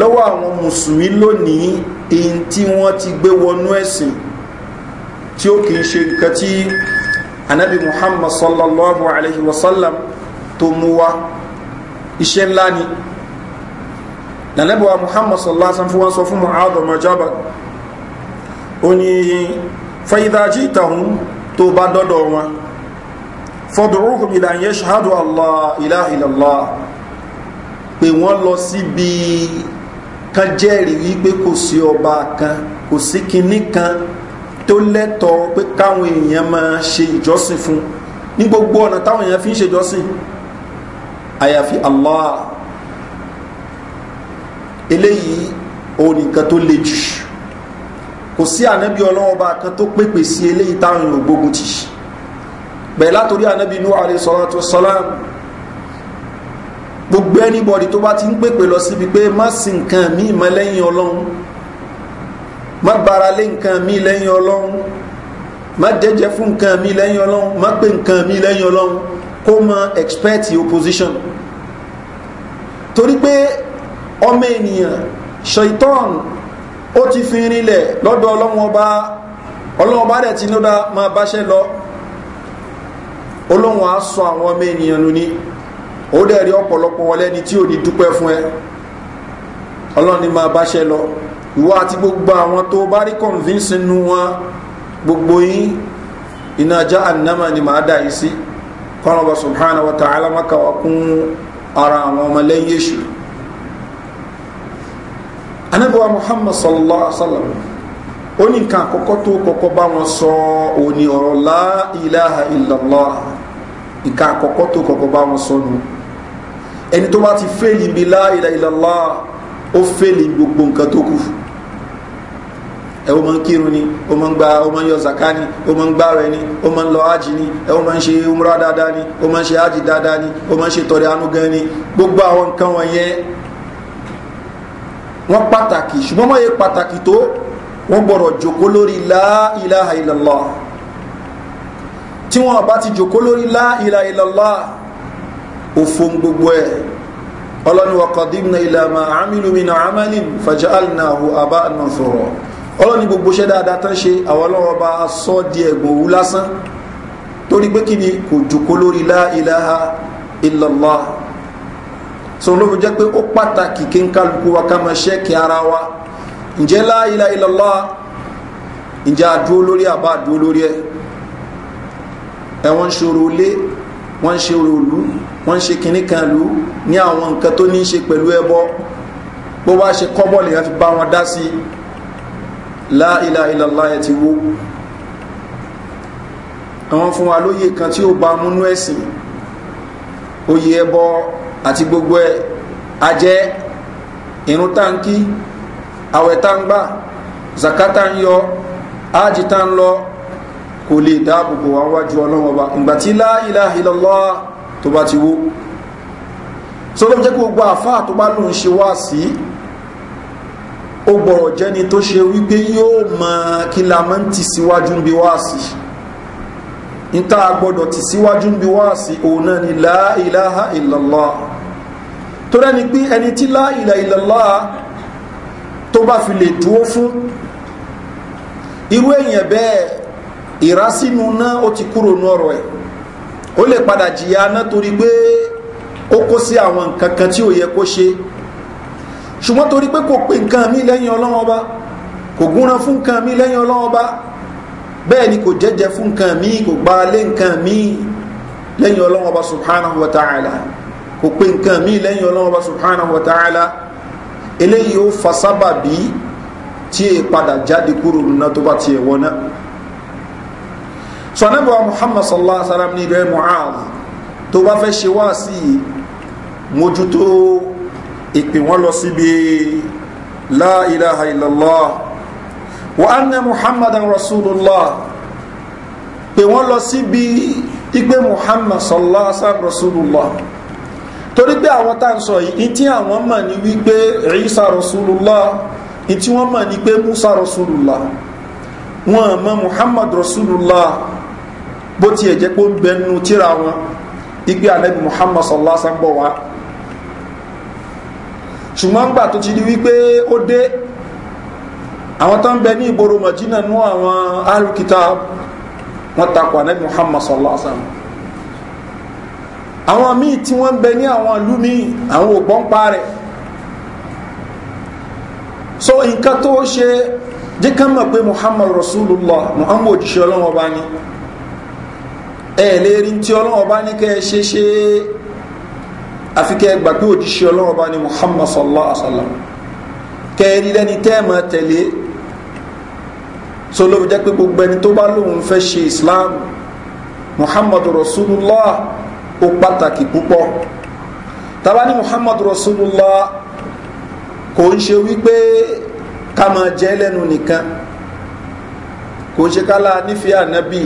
lọ́wọ́ àwọn mùsùlùmí lónìí èyí tí wọ́n ti gbé wọnú ẹ̀sìn tí ó kì í ṣe nǹkan tí anabi muhammad sallallahu alaihi wa sallam tó mú wa iṣẹ́ ńlá ni lànàbíwá muhammad sallallahu alaihi wa sallam fún wọn sọ fún mu'adh ọmọ jaba ó ní fayidá ìtàhún tó bá dọ́dọ̀ wọn fọdùrúhùn ilà yẹn ṣáàdù allah ilá ìlàlá pé wọ́n lọ síbi kan jẹ́rìí wípé kò sí ọba kan kò sí kinní kan tó lẹ́tọ̀ọ́ pé káwọn èèyàn máa ṣe ìjọsìn fún ní gbogbo ọ̀nà táwọn èèyàn fi ń ṣe ìjọsìn àyàfi allah eléyìí òun nìkan tó le jù kò sí ànábì ọlọ́wọ́ bá kan tó pépè sí eléyìí táwọn èèyàn gbógun tì í bẹ̀rẹ̀ látòrí ànábì inú àrẹ sọ́látò sọ́lám gbogbo ẹnibọ̀dì tó bá ti ń pèpè lọ síbi pé má sí nǹkan mí mọ́ lẹ́yìn ọlọ́run má bára lé nǹkan mí lẹ́yìn ọlọ́run má jẹ́jẹ́ fún nǹkan mí lẹ́yìn ọlọ́run má pè nǹkan mí lẹ́yìn ọlọ́run kó mọ expect opposition torí pé ọmọ ènìyàn ṣèitán ó ti fi rinlẹ̀ lọ́dọ̀ ọlọ́run ọba ọlọ́run ọba rẹ̀ ti ní ó dá máa báṣẹ́ lọ olóhùn á sọ àwọn ọmọ ènìyàn nù ní ó dẹ̀ rí ọ̀pọ̀lọpọ̀ wọlé ni tí ò ní dúpẹ́ fún ẹ ọlọ́run ni máa báṣẹ lọ ìwọ àti gbogbo àwọn tó bá rí convince nu wọn gbogbo yín iná ajá ànámà ni màá dà yìí sí kọ́nàbà subhanahu wa ta'ala makawa kún ara àwọn ọmọlẹ́yìn èṣù anabiwa muhammad sallallahu alaihi wa sallam ó ní nǹkan àkọ́kọ́ tó kọ́kọ́ bá wọn sọ òní ọ̀rọ̀ láìláha ìlàlá ìka àkọ́kọ́ tó kọ́kọ́ bá wọn sọnù ẹni tó bá ti fẹ́ẹ̀lì bí láìlà ìlàlá ó fẹ́ẹ̀lì gbogbo nǹkan tó kù ẹ o máa ń kírun ni o máa ń gba o máa ń yọ zaka ni o máa ń gbára ẹni o máa ń lọ ájì ni ẹ o máa ń ṣe umra dáadáa ni o máa ń ṣe ájì dáadáa ni o máa ń ṣe tọrẹ àánú gan ni gbogbo àwọn nǹkan wọ̀nyẹn wọ́n pàtàkì ṣùgbọ́n wọ́n yẹ pàtàkì tó wọ́n gbọ́dọ̀ jòkó lórí láìláha ìlàlá tí wọ́n bá ti jòkó lórí láìlà ìlàlá òfin gbogbo ẹ̀ ọlọ́niwà kọ̀dínà ìlàmà àmìlúmìnà àmàlìn fàjáàlìnà àbá ànàfọ̀rọ̀ ọlọ́ni gbogbo ṣẹ́ dáadáa tán ṣe àwọn ọlọ́wọ́ bá sọ di ẹ̀gbọ̀n òwú lásán torí pé kí ni kò jòkó lórí láìlà ìlàlá sọ ló fi jẹ́ pé ó pàtàkì kí n kálukú wa ká máa ṣẹ́kì ara wa ǹjẹ́ láìlà ìlàlá ǹjẹ́ àdúró lórí àbá àdúró lórí ẹ̀ ẹ wọ́n ń ṣòro ilé wọ́n ń ṣòro ìlú wọ́n ń ṣe kinní kan ìlú ní àwọn nǹkan tó ní í ṣe pẹ̀lú ẹbọ bó wá ṣe kọ́bọ̀ lèyàn fi bá wọn dá sí la ilaha illallah ẹ ti wó àwọn fún wa lóye kan tí ó ba múnú ẹ̀sìn oyè ẹbọ àti gbogbo ẹ ajẹ́ irun tá àwẹ̀ tá zakata ń yọ áàjì tá ń lọ kò lè dáàbòbò wá wájú ọlọ́wọ́ bá ìgbà tí láìlá ìlọ́lá tó bá ti wó sọlọ́m jẹ́ gbogbo àfáà tó bá lóun ṣe wá sí ó gbọ̀rọ̀ jẹ́ni tó ṣe wípé yóò mọ kí la máa ń tì síwájú ń bi wá sí n tá a gbọ́dọ̀ tì síwájú ń bi wá sí òun náà ni láìlá tó rẹ́ni pé ẹni tí láìlá tó bá fi lè dúó fún irú èèyàn bẹ́ẹ̀ ìrásínú náà ó ti kúrò ní ọ̀rọ̀ ẹ̀ ó lè padà jìyà náà torí pé ó kó sí àwọn nǹkan kan tí ò yẹ kó ṣe ṣùgbọ́n torí pé kò pé nǹkan mi lẹ́yìn ọlọ́wọ́n bá kò gúnran fún nǹkan mi lẹ́yìn ọlọ́wọ́n bá bẹ́ẹ̀ ni kò jẹ́jẹ́ fún nǹkan mi kò gba lé nǹkan mi lẹ́yìn ọlọ́wọ́n bá subhanahu wa ta'ala kò pé nǹkan mi lẹ́yìn ọlọ́wọ́n bá subhanahu wa ta'ala eléyìí ó fa sábàbí tí èèpadà jáde kúrò nínú tó bá tiẹ̀ wọ́n náà sọ̀nàbọ̀ muhammad sallallahu alaihi wa sallam ní ìrẹ́ mu'az tó bá fẹ́ ṣe wá sí mójútó ìpè wọn lọ síbi la ilaha illallah wa anna muhammadan rasulullah pè wọn lọ síbi igbe muhammad sallallahu alaihi wa sallam rasulullah torí pé àwọn tá ń sọ yìí tí àwọn mọ̀ ní wípé Isa Rasulullah tí wọ́n mọ̀ ní pé Musa Rasulullah wọ́n mọ̀ Muhammad Rasulullah bó tiẹ̀ jẹ́ pé ó ń bẹnu tíra wọn igbe anabi muhammad sallallahu alaihi wa sallam bọ̀ wá ṣùgbọ́n gbà tó ti di wípé ó dé àwọn tó ń bẹ ní ìgboro mọ̀jínà nú àwọn alukita wọn takò anabi muhammad sallallahu àwọn míì tí wọ́n bẹ ní àwọn ìlú àwọn ògbọ́n pa so nǹkan tó ṣe jẹ́ ká mọ̀ pé muhammad rasulullah muhammad òjíṣẹ́ ọlọ́wọ́ bá ní ẹ lè rí tí ọlọ́run ọba ní kẹ́ ẹ ṣe ṣe àfi kẹ́ ẹ gbà pé òjíṣẹ́ ọlọ́run ọba ní muhammad sallallahu alaihi wa sallam kẹ́ ẹ rí lẹ́ni tẹ́ ẹ máa tẹ̀lé so ló fi jẹ́ pé gbogbo ẹni tó bá lóun fẹ́ ní muhammad kò ń ṣe wípé ká máa jẹ́ lẹ́nu nìkan kò ń ṣe ká la nífẹ̀ẹ́ ànábì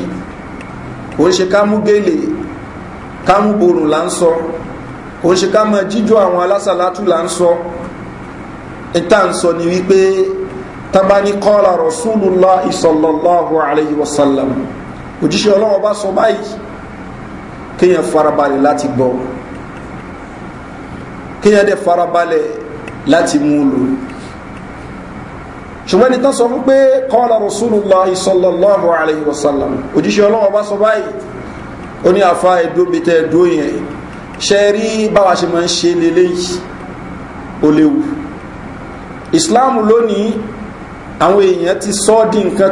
kò ń ṣe ká mú gèlè ká mú borùn là ń sọ kò ń ṣe ká mọ jíjọ àwọn alásàlátù là ń sọ ìta ń sọ ni wípé tabani kọ́la rasulullah isallallahu alayhi wa sallam òjíṣẹ́ ọlọ́wọ́ bá sọ báyìí kéèyàn farabalẹ̀ láti gbọ́ kéèyàn dẹ̀ farabalẹ̀ láti mú un lò ṣùgbọ́n ní tán sọ fún pé kọ́lá rasulullah sallallahu alayhi wa sallam òjíṣẹ́ ọlọ́wọ́ bá sọ báyìí ó ní àfa ẹ̀dó mi tẹ́ ẹ̀dó yẹn ṣe rí báwa ṣe máa ń ṣe lélẹ́yìí ó léwu islam lónìí àwọn èèyàn ti sọ́ decide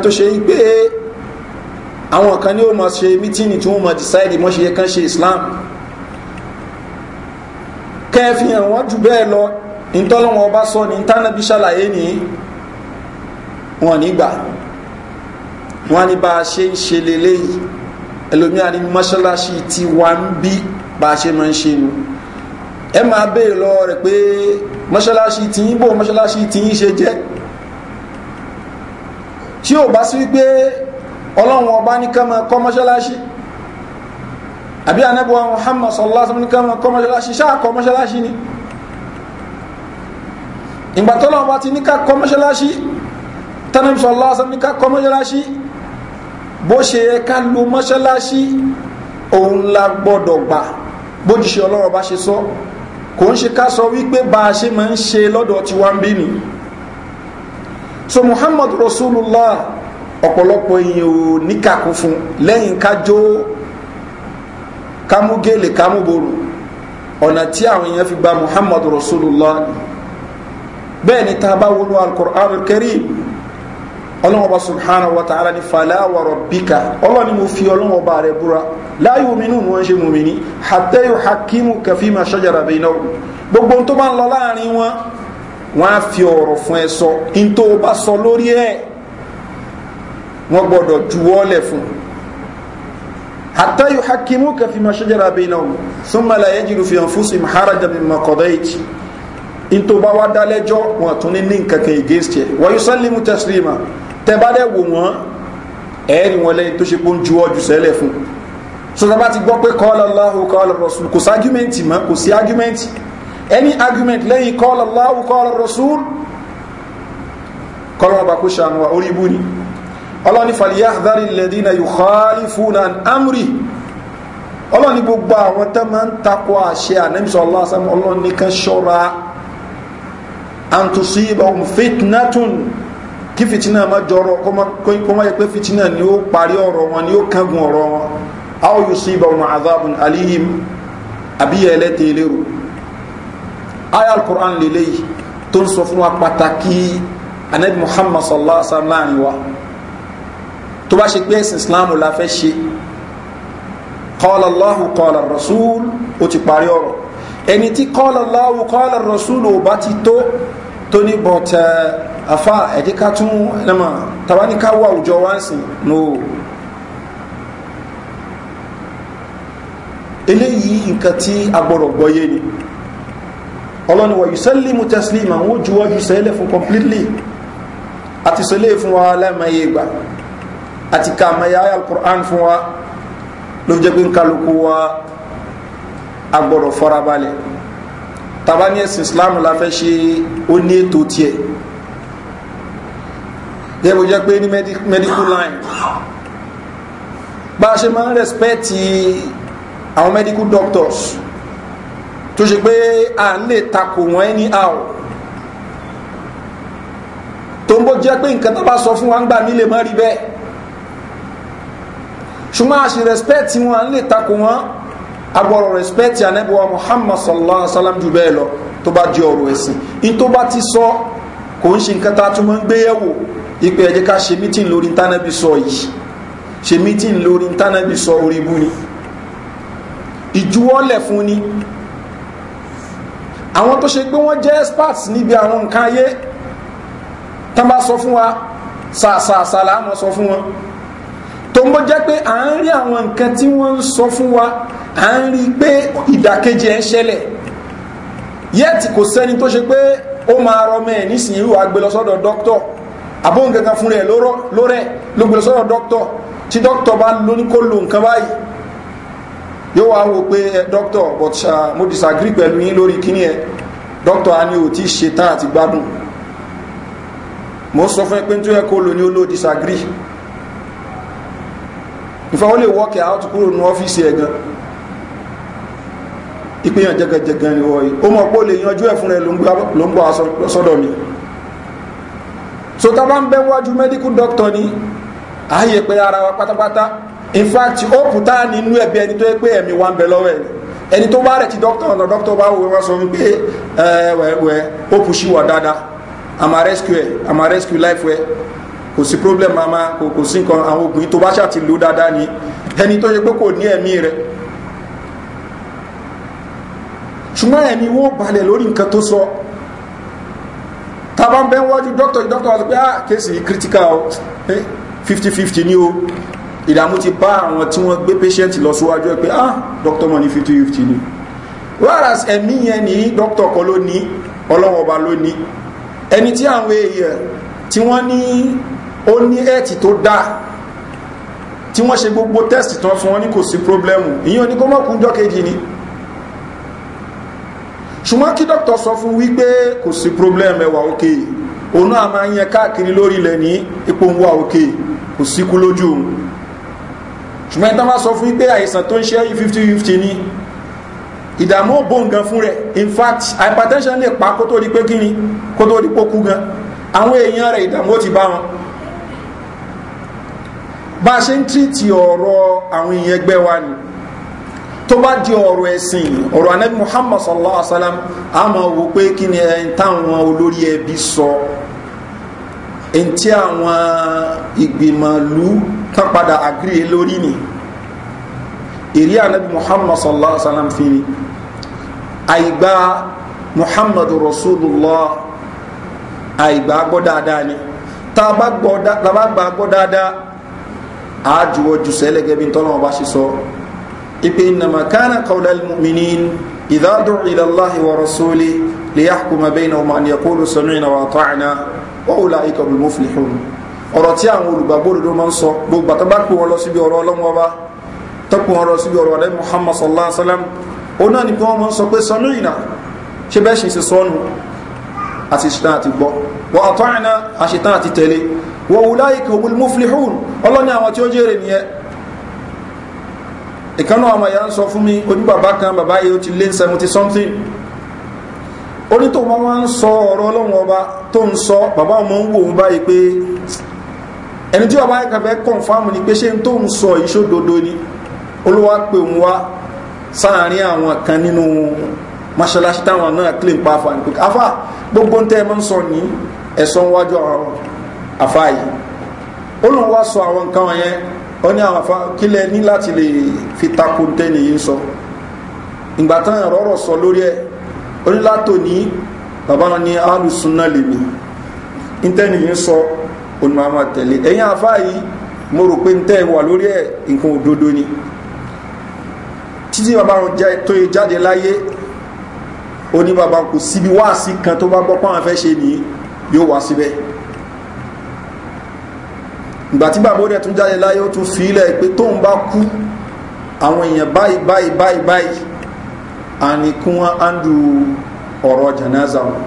mọ́ ṣe yẹ kán ṣe islam kẹ́ẹ̀fì hàn wọ́n jù bẹ́ẹ̀ lọ ìtọ́lọ́wọ́n ọba sọ ní wọn nígbà wọn ní bá a ṣe ń ṣe leléyìí ẹlòmíà ní mọ́ṣáláṣí tí wà ń bí bá a ṣe máa ń ṣe nu ẹ máa béèrè lọ rẹ pé mọ́ṣáláṣí tí ń bò mọ́ṣáláṣí tí ń ṣe jẹ́ tí ò bá sí wípé ọlọ́run ọba ní ká máa kọ́ mọ́ṣáláṣí àbí anábọ̀wá muhammad sallallahu alaihi wa sallam ní ká máa kọ́ mọ́ṣáláṣí ṣáà kọ́ mọ́ṣáláṣí ni ìgbà tọ́lọ́run ọba ti ní ká kọ́ mọ́ṣáláṣí tánàbí sọ̀lá ọ̀sán ní ká kọ́ mọ́ṣáláṣí bó ṣe yẹ ká lu mọ́ṣáláṣí òun la gbọ́dọ̀ gbà bójúṣe ọlọ́rọ̀ bá ṣe sọ kò ń ṣe ká sọ wípé bá a ṣe máa ń ṣe lọ́dọ̀ tí wọ́n ń bí ni so muhammad rasulullah ọ̀pọ̀lọpọ̀ èèyàn ò níkàkún fún lẹ́yìn kájó kámúgélè kámúborò ọ̀nà tí àwọn èèyàn fi gba muhammad rasulullah bẹ́ẹ̀ ni ta bá wọnú alkur'an kẹrìm ọlọ́wọ́ba subhanahu wa ta'ala ni fala wa rabbika ọlọ́ ni mo fi ọlọ́wọ́ba rẹ̀ búra la yu'minun wọ́n ṣe mùmìnì hatta yuhakkimuka fima shajara baynahum gbogbo tó bá ń lọ láàrin wọn wọ́n á fi ọ̀rọ̀ fún ẹ sọ in tó o bá sọ lórí ẹ̀ wọ́n gbọ́dọ̀ juwọ́lẹ̀ fún hatta yuhakkimuka fima shajara baynahum thumma la yajidu fi anfusihim harajan mimma in tó bá wá dálẹ́jọ́ wọn tún ní nǹkan kan against ẹ̀ wa yusallimu taslima tẹ́bá dẹ̀ wò wọ́n ẹ̀ẹ́ni wọn lẹ́yìn tó ṣe pé ó ń ju ọjù sẹ́lẹ̀ fún sọ́tà bá ti gbọ́ pé kọ́ọ̀lọ́ láhùn kọ́ọ̀lọ́ rọ̀sùn kò sí ágúmẹ́ǹtì mọ́ kò sí ágúmẹ́ǹtì ẹni ágúmẹ́ǹtì lẹ́yìn kọ́ọ̀lọ́ láhùn kọ́ọ̀lọ́ rọ̀sùn kọ́ọ̀lọ́ ọba kó ṣàánú wa orí ibú ni ọlọ́ni fàlíyà kí fitina má jọrọ kó má yẹ pé fitina ni ó parí ọ̀rọ̀ wọn ni ó kángun ọ̀rọ̀ wọn aw yusiba wọn azabun alihim àbí yẹlẹ tẹlẹrù aya alukur'an lele yìí tó ń sọ fún wa pàtàkì anabi muhammad sallallahu alaihi wa sallam láàrin wa tó bá ṣe pé ẹ̀sìn islam la fẹ́ ṣe qala Allahu rasul ó ti parí ọ̀rọ̀ ẹni tí qala Allahu rasul ò bá ti tó tó ní bọ̀tẹ́ afa ẹ̀dí ká tún ẹnama tàwa ní ká wọ àwùjọ wá ń sìn no eléyìí nǹkan tí a gbọ́dọ̀ gbọ́yé ni ọlọ́ni wọ̀nyí sẹ́lẹ̀mù tẹ́sílẹ̀mù àwọn ojúwọ́jú sẹ́lẹ̀ fún completely àti sẹ́lẹ̀ fún wa lẹ́mọ̀ye gbà àti ká àmọ́ yáyà alukur'an fún wa ló jẹ́ pé nkálukú wa a gbọ́dọ̀ farabalẹ̀ tàbá ní ẹ̀sìn islam la fẹ́ ṣe ó ní ètò tiẹ̀ jẹ́ bó jẹ́ pé ní medical line bá a ṣe máa ń respect àwọn medical doctors tó ṣe pé a lè takò wọ́n ẹni àwọ̀ tó ń bó jẹ́ pé nǹkan tó bá sọ fún wa ń gbà mí mọ́ rí bẹ́ẹ̀ ṣùgbọ́n a ṣe respect wọn a lè takò wọ́n agbọ̀rọ̀ respect anẹ́bùwa muhammad sallallahu alaihi wasallam jù bẹ́ẹ̀ lọ tó bá jẹ́ ọ̀rọ̀ ẹ̀sìn in tó bá ti sọ kò ń ṣe nǹkan tá a tún mọ́ ń gbéyẹ̀wò ipe ẹ̀jẹ̀ ká ṣe mítìn lórí tánàbí sọ yìí ṣe mítìn lórí tánàbí sọ orí bú ni ìjuwọ́lẹ̀ fún ni àwọn tó ṣe pé wọ́n jẹ́ experts níbi àwọn nǹkan ayé tán bá sọ fún wa sàṣàṣà láàmọ́ sọ fún wọn tó ń bọ́ jẹ́ pé à ń rí àwọn nǹkan tí wọ́n ń sọ fún wa à ń rí pé ìdàkejì ẹ̀ ń ṣẹlẹ̀ yẹ́ẹ̀tì kò sẹ́ni tó ṣe pé ó máa rọmọ ẹ̀ nísìnyí wàá gbé lọ sọ́dọ̀ dókítọ̀ àbó nǹkan kan fún rẹ̀ lórẹ́ ló gbèrè sọ́dọ̀ dókítọ̀ tí dókítọ̀ bá lóní kó lo nǹkan báyìí yóò wá wò pé eh, dókítọ̀ but uh, mo disagree pẹ̀lú yín lórí kíní ẹ dókítọ̀ a ní o ti ṣe tán àti gbádùn mo sọ fún ẹ pé nítorí ẹ kó lo ní ó ló disagree ìfẹ́ wọ́n lè wọ́kẹ̀ àwọn tó kúrò ní ọ́fíìsì ẹ̀ gan ìpéyàn jẹgẹjẹgan ni wọ́n yìí ó mọ̀ pé ó lè yanjú ẹ̀ fún rẹ̀ ló ń gbọ́ sọ́dọ̀ mi. So, so tá a bá ń bẹ́ wájú medical doctor ni ààyè pé ara wa pátápátá in fact hope tá a nínú ẹ̀bí ẹni tó yẹ pé ẹ̀mí wa ń bẹ lọ́wọ́ ẹ̀ ni ẹni tó bá rẹ̀ ti doctor ọ̀nà doctor bá wọ wọn sọ wípé ẹ̀wẹ̀ẹ̀wẹ̀ hope ṣì wà dáadáa àmà rescue ẹ̀ àmà rescue life ẹ̀ kò sí problem mama kò kò sí nǹkan àwọn obìnrin tó bá ṣáà ti lò dáadáa ni ẹni tó yẹ pé kò ní ẹ̀mí rẹ̀ ṣùgbọ́n ẹ̀mí wọ́n balẹ̀ lórí nǹkan tó sọ so, bá ń bẹ wájú dókítà dókítà wá sọ pé ah, kéèsì critical o fifty fifty ni o ìdààmú ti bá àwọn tí wọ́n gbé patient lọ síwájú ẹ pé ah dókítà mọ̀ ní fifty fifty ni whereas ẹ̀mí yẹn ní dókítà kan ló ní ọlọ́wọ́ ọba ló ní ẹni tí àwọn èèyàn tí wọ́n ní ó ní ẹ̀tì tó dáa tí wọ́n ṣe gbogbo test tán fún wọn ní kò sí problem ìyẹn oníkọ́mọ̀kúnjọ́ kejì ni. Ko ṣùgbọ́n kí dókítà sọ fún wípé kò sí problem ẹwà òkè òun náà máa ń yẹ káàkiri lórí ilẹ̀ ní ipò ń wà òkè kò síkú lójú òun ṣùgbọ́n ìtàn máa sọ fún wípé àìsàn tó ń ṣe yí fifty fifty ní ìdààmú òbó nǹkan fún rẹ̀ in fact hypertension lè pa kó tó di pé kíni kó tó di pé kú gan àwọn èèyàn rẹ̀ ìdààmú ó ti bá wọn bá a ṣe ń tírìtì ọ̀rọ̀ àwọn èèyàn ẹgbẹ́ wa ni tó bá di ọ̀rọ̀ ẹ̀sìn ọ̀rọ̀ anabi muhammad sallallahu alaihi wa sallam a máa wò pé kí ni ẹ̀ ń táwọn olórí ẹbí sọ ẹ̀ ń tí àwọn ìgbìmọ̀ lù tán padà àgírí lórí ni ìrí anabi muhammad sallallahu alaihi wa sallam fi ni àìgbà muhammadu rasulullah àìgbà gbọ́ dáadáa ni tá a bá gbọ́ dáadáa a juwọ́ jù sẹ́lẹ̀ gẹ́gẹ́ bí tọ́lọ́mọba ṣe sọ. So ipe innama kana qawla almu'minin idha du'u ila allahi wa rasuli liyahkuma bainahum an yaqulu sami'na wa ata'na wa ulaika hum muflihun ọ̀rọ̀ tí àwọn olùgbàgbọ́ òdodo máa ń sọ gbogbo àtàbà pé wọn lọ síbi ọ̀rọ̀ ọlọ́run ọba tọ́pọ̀ wọn lọ síbi ọ̀rọ̀ ọ̀dẹ́ muhammad sallallahu alaihi wasallam ó ni pé wọ́n máa ń sami'na ṣe bẹ́ẹ̀ ṣe ṣe sọnù àti ṣetán àti gbọ́ wọ́n ata'na àṣetán àti tẹ̀lé wa ulaika hum muflihun ọlọ́ni àwọn tí ó jèrè nìyẹn ìkànnà àwọn ẹ̀yà ń sọ fún mi oní bàbá kan bàbá yìí ó ti lé seventy something onítò bá wá ń sọ ọ̀rọ̀ ọlọ́run ọba tó ń sọ bàbá ọmọ ń wò ó báyìí pé ẹni tí bàbá yìí kàfẹ́ kọ̀ǹfàmù ni pé ṣé n tó ń sọ ìṣòdodo ni olúwa pè òun wá sáàárín àwọn kan nínú mọ́ṣáláṣí táwọn náà clean pa afa ní pé afa gbogbo ń tẹ́ ẹ máa ń sọ ní ẹ̀sọ́ wájú àwọn afa yìí ó sọ àwọn nǹkan wọn yẹn wọ́n ní àwọn afa kílẹ̀ ní láti lè fi tako tẹ́ni yìí sọ ìgbà tán ìrọ̀rọ̀ sọ lórí ẹ̀ ó ní látòní bàbá wọn ní alùsùn náà lè mí ntẹ́ni yìí sọ òun máa ma tẹ̀lé ẹ̀yìn afa yìí mo rò pé ntẹ́ wà lórí ẹ̀ nǹkan òdodo ni títí bàbá wọn tó yẹ jáde láyé ó ní bàbá kò síbi wáàsí kan tó bá gbọ́ pọ́n àfẹ́ ṣe nìyí yóò wá síbẹ̀. ìgbà tí bàbá rẹ̀ tún jáde láyé ó tún fi ilẹ̀ pé tóun bá kú àwọn èèyàn báyìí báyìí báyìí báyìí àníkún andu ọ̀rọ̀ janaza wọn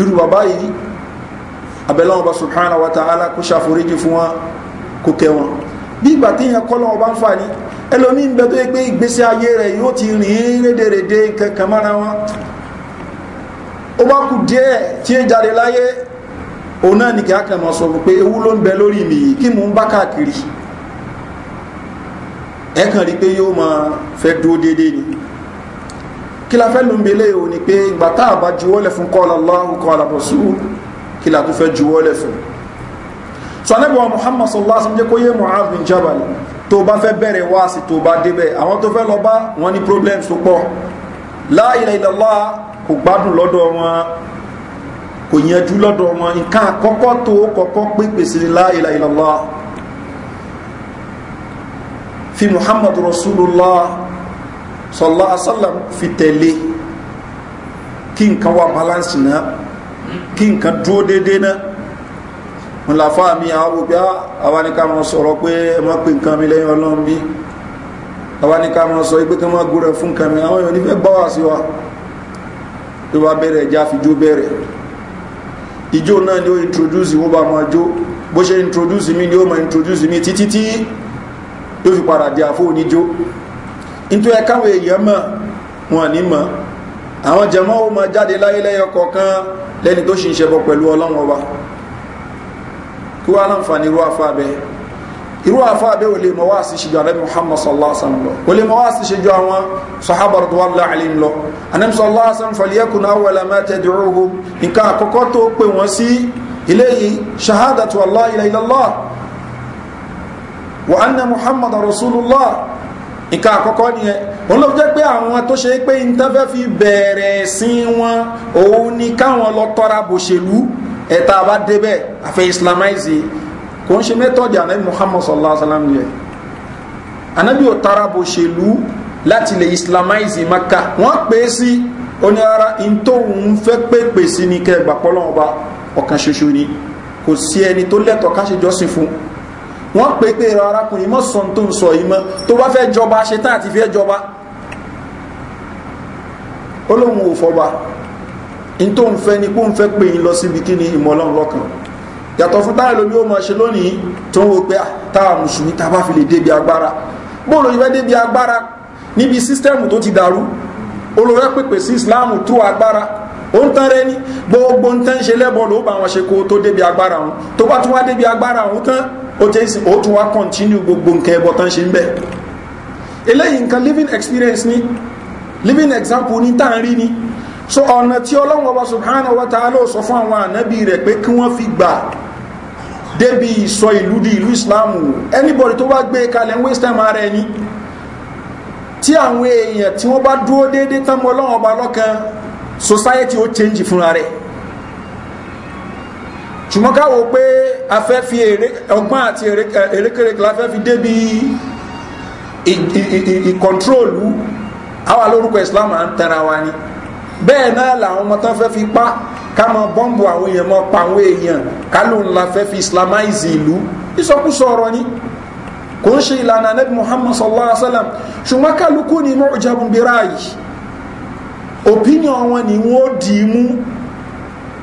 irú bàbá yìí abẹ́lẹ́ bá subhanahu wa ta'ala kó ṣàforíjì fún wọn kó kẹ́ wọn bí ìgbà tí èèyàn kọ́ lọ́wọ́ bá ń fà ní bẹ tó yẹ pé ìgbésí ayé rẹ̀ yóò ti rìn rédèrèdè kankan mára wọn ó bá kù díẹ̀ tí òun náà ní kí akẹ́mọ̀ sọ pé ewu ló ń bẹ lórí mi yìí kí mò ń bá káàkiri ẹ kàn rí pé yóò máa fẹ́ dúró déédéé ni kí la fẹ́ ló ń belé o ni pé ìgbà tá a bá juwọ́lẹ̀ fún kọ́ọ̀lá lọ́hùn kọ́ọ̀lá bọ̀sù kí la tún fẹ́ juwọ́lẹ̀ fún sọ̀nẹ́bọ̀ muhammad sallallahu alaihi wasallam jẹ́ kó yé mu'adh bin jabal tó bá fẹ́ bẹ̀rẹ̀ wá sí tó bá débẹ̀ àwọn tó fẹ́ lọ bá wọn ní problems tó pọ̀ la ilaha illallah kò gbádùn lọ́dọ̀ wọn kò yanjú lọ́dọ̀ wọn nǹkan àkọ́kọ́ tó kọ́kọ́ pépè sí la ilaha illallah fi muhammadu rasulullah sallallahu alaihi fi tẹ̀lé kí nǹkan wà balance náà kí nǹkan dúró déédéé náà wọn là fáà mi àwọn òbí ah, àwa ni ká mọ sọ̀rọ̀ pé ẹ má pè nǹkan mi lẹ́yìn ọlọ́run bí àwa ni ká mọ sọ pé kí wọ́n gbúrẹ̀ fún nǹkan mi àwọn èèyàn nífẹ̀ẹ́ gbọ́ wá sí wa tó bá bẹ̀rẹ̀ ẹja fìjú bẹ̀rẹ̀ ìjó náà ni ó introduce wọ́n bá máa jó bó ṣe introduce mi ni ó máa introduce mi títí tí ló fi padà di àfó oníjó nítorí ẹ̀káwọ̀ èèyàn mọ̀ wọn ní mọ̀ àwọn jẹmọ́ ó máa jáde láyé lẹ́yọ kọ̀ọ̀kan lẹ́ni tó ṣe ń ṣẹbọ pẹ̀lú ọlọ́run ọba kí wọ́n á láǹfààní irú afá bẹ́ẹ̀ irú àfa abẹ́ ò lè mọ̀ wá sí ṣíjú ànábì muhammad sallallahu alaihi wasallam lọ ò lè mọ̀ wá sí ṣíjú àwọn sahaba radiyallahu alaihim lọ ànábì sallallahu alaihi wasallam falyakun awwala ma tad'uhum nǹkan àkọ́kọ́ tó pè wọ́n sí ilé yìí shahadatu an la ilaha illallah wa anna muhammad rasulullah nǹkan àkọ́kọ́ nìyẹn wọn ló jẹ́ pé àwọn tó ṣe pé ìtafẹ́ fi bẹ̀rẹ̀ sí wọn òun ni káwọn lọ tọ́ra bòṣèlú ẹ̀ta bá débẹ̀ àfẹ́ islamize kò ń ṣe mẹ́tọ́dì anabi muhammad sallallahu alayhi wa sallam anabi ò tara bó ṣe láti lè islamize maka wọ́n pè é sí oní ara fẹ́ pèpè sí ni kẹ́ gbà pọ́lọ́wọ́n ọba ọ̀kan ṣoṣo ni kò sí ẹni tó lẹ́tọ̀ọ́ ká ṣe jọ́sìn fún wọ́n pè pé arákùnrin mọ́ sọ tó ń sọ yìí mọ́ tó bá fẹ́ jọba ṣe tán àti fẹ́ jọba ó lóun ò fọba ntòun fẹ́ ni kó ń fẹ́ pè yín lọ síbi kí ni ìmọ̀ ọlọ́run lọ́kàn yàtọ̀ fún táyà lómi ó máa ṣe lónìí tó ń wo pé ah, táwa mùsùlùmí tá a bá fi lè débi agbára bóòlù ìfẹ́ débi agbára níbi sísítẹ́ẹ̀mù tó ti dàrú olùrẹ́ pèpè sí ìsìláàmù tó agbára ó ń tán rẹ́ni gbogbo ń tán ṣe lẹ́bọ̀ ló bá wọn ṣe kó tó débi agbára wọn tó bá tún wá débi agbára wọn tán ó tẹ́ sí ó tún wá kọ́ntínú gbogbo nǹkan ẹbọ tán ṣe ń bẹ̀ eléyìí nǹkan living experience ni living example ni tá à ń rí ni so ọ̀nà tí ọlọ́run ọba subhanahu wa ta'ala ó sọ fún àwọn ànábì rẹ̀ pé kí wọ́n fi gbà débi ìsọ ìlú di ìlú ìsìláàmù anybody tó bá gbé kalẹ̀ waste time ara ẹni tí àwọn èèyàn tí wọ́n bá dúró déédéé tán mọ́ ọba lọ́kan society ó change fúnra rẹ̀ ṣùgbọ́n káwò pé a fẹ́ fi ọgbọ́n àti erékeré la fẹ́ fi débi ìkọ̀ntrólù àwa lórúkọ islam à ń tara wa ni bẹ́ẹ̀ náà làwọn ọmọ tán fẹ́ fi pa ká máa bọ́ǹbù àwọn èèyàn máa pa àwọn èèyàn ká ló ń la fẹ́ fi islamize ìlú ìsọkúsọ ọ̀rọ̀ ni kò ń ṣe ìlànà anabi muhammad sallallahu alaihi wa sallam ṣùgbọ́n kálukú ni mu'jabun bi ra'yi opinion wọn ni wọ́n dì í mú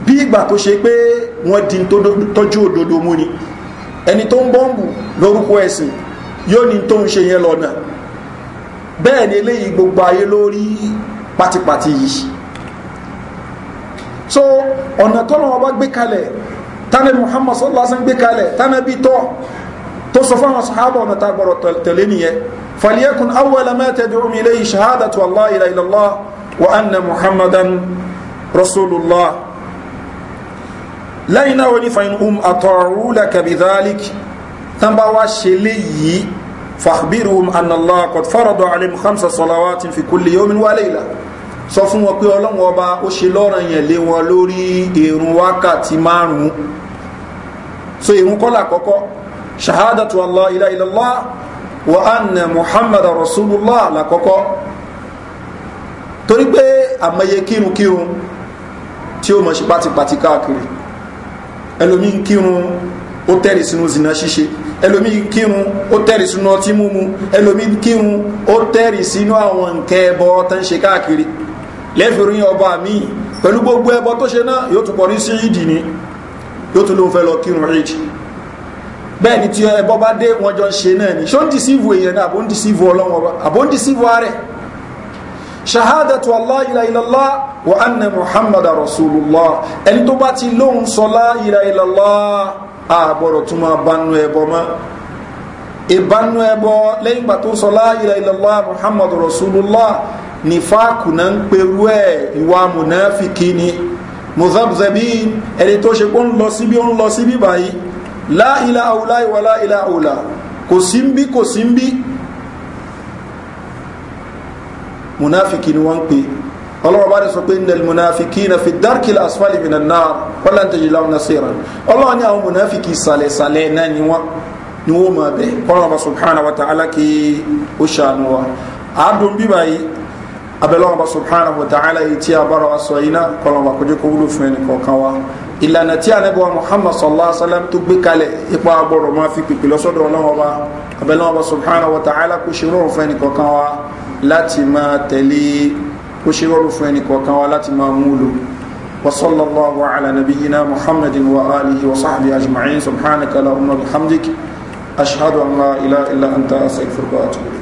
bí ìgbà tó ṣe pé wọ́n di tọ́jú òdodo mú ni ẹni tó ń bọ́ǹbù lórúkọ ẹ̀sìn yóò ní tó ń ṣe yẹn lọ́nà bẹ́ẹ̀ ni eléyìí gbogbo ayé lórí pátípátí yìí so ọ̀nà tọ́lọ̀ wọn bá gbé kalẹ̀ tánà muhammad sallallahu alaihi wasallam gbé kalẹ̀ tánà bí tọ́ tó sọ fáwọn sahaba ọ̀nà tá gbọ́dọ̀ tẹ̀lé nìyẹn falyakun awwala ma tad'um ilayhi shahadatu allah ila ila allah wa anna muhammadan rasulullah lẹ́yìn náà wọ́n ní fa in um ata'u laka bidhalik tán bá wá ṣe léyìí fàbírùm anna allah qad farada alayhim khamsa salawat fi kulli yawmin wa layla sọ fún wọn pé ọlọ́run ọba ó ṣe lọ́ràn yẹn lé wọn lórí èrún wákàtí márùn-ún so èrún kọ́là kọ́kọ́ ṣahadatu allah ilá ilọ́lá wa anna muhammad rasulullah lákọ́kọ́ torí pé àmọye kírunkírun tí ó mọ̀ ṣe pátipàti káàkiri ẹlòmí kírun ó tẹ́rì sínú zina ṣíṣe ẹlòmí kírun ó tẹ́rì sínú ọtí múmu ẹlòmí kírun ó tẹ́rì sínú àwọn nkẹ́ ẹbọ tán ṣe káàkiri lẹ́fìrí ọba mi pẹ̀lú gbogbo ẹbọ tó ṣe náà yóò tún kọrí sí ìdì ni yóò tún ló fẹ́ lọ kírun ìdì bẹ́ẹ̀ ni tí ẹbọ bá dé wọn jọ ń ṣe náà ni ṣó ń èèyàn náà àbó ń ọlọ́wọ́ àbó ń ààrẹ shahadatu ìbánú ẹbọ lẹ́yìn gbà tó sọlá ila ilallah muhammadar rasulullah nífàkù náà ń perú ẹ̀ ìwà mùnáfìkì ni mùsàbùsàbí ẹni tó ṣe pé ó ń lọ síbi ó ń lọ síbi báyìí láìlà àwùlá ìwà láìlà àwùlá kò sí ń bí kò sí ń bí mùnáfìkì ni wọ́n ń pè ọlọ́wọ́ bá dẹ̀ sọ pé ndẹ̀lì mùnáfìkì na fi dárkìlá asfali mi nàá wọ́n láǹtẹ̀ jìlá wọn sèrà ọlọ́wọ́ ní àwọn mùnáfìkì sàlẹ̀sàlẹ̀ náà ni wọ́n ni wọ́n máa bẹ̀ kọ́nà ọba subhanahu wa ta'ala kí ó ṣàánú wa àádùn bíbáyìí abẹ́lẹ́wọ̀n bá subhanahu wa ta'ala yìí tí a bára wa sọ yìí náà kọ́lọ́n wa kojú kó wúlò fún ẹnì kọ̀ọ̀kan wa ìlànà tí anábọ̀ muhammad sallallahu alaihi wa sallam tó gbé kalẹ̀ ipa agbọ̀rọ̀ máa fi pèpè lọ́sọ̀dọ̀ ọlọ́wọ́n wa abẹ́lẹ́wọ̀n bá subhanahu wa ta'ala kó ṣe rọrùn fún ẹnì kọ̀ọ̀kan wa láti máa tẹ̀lé kó ṣe rọrùn fún ẹnì kọ̀ọ̀kan wa láti máa mú lò وصلى الله على نبينا محمد وآله وصحبه أجمعين سبحانك اللهم وبحمدك أشهد أن لا إله إلا أنت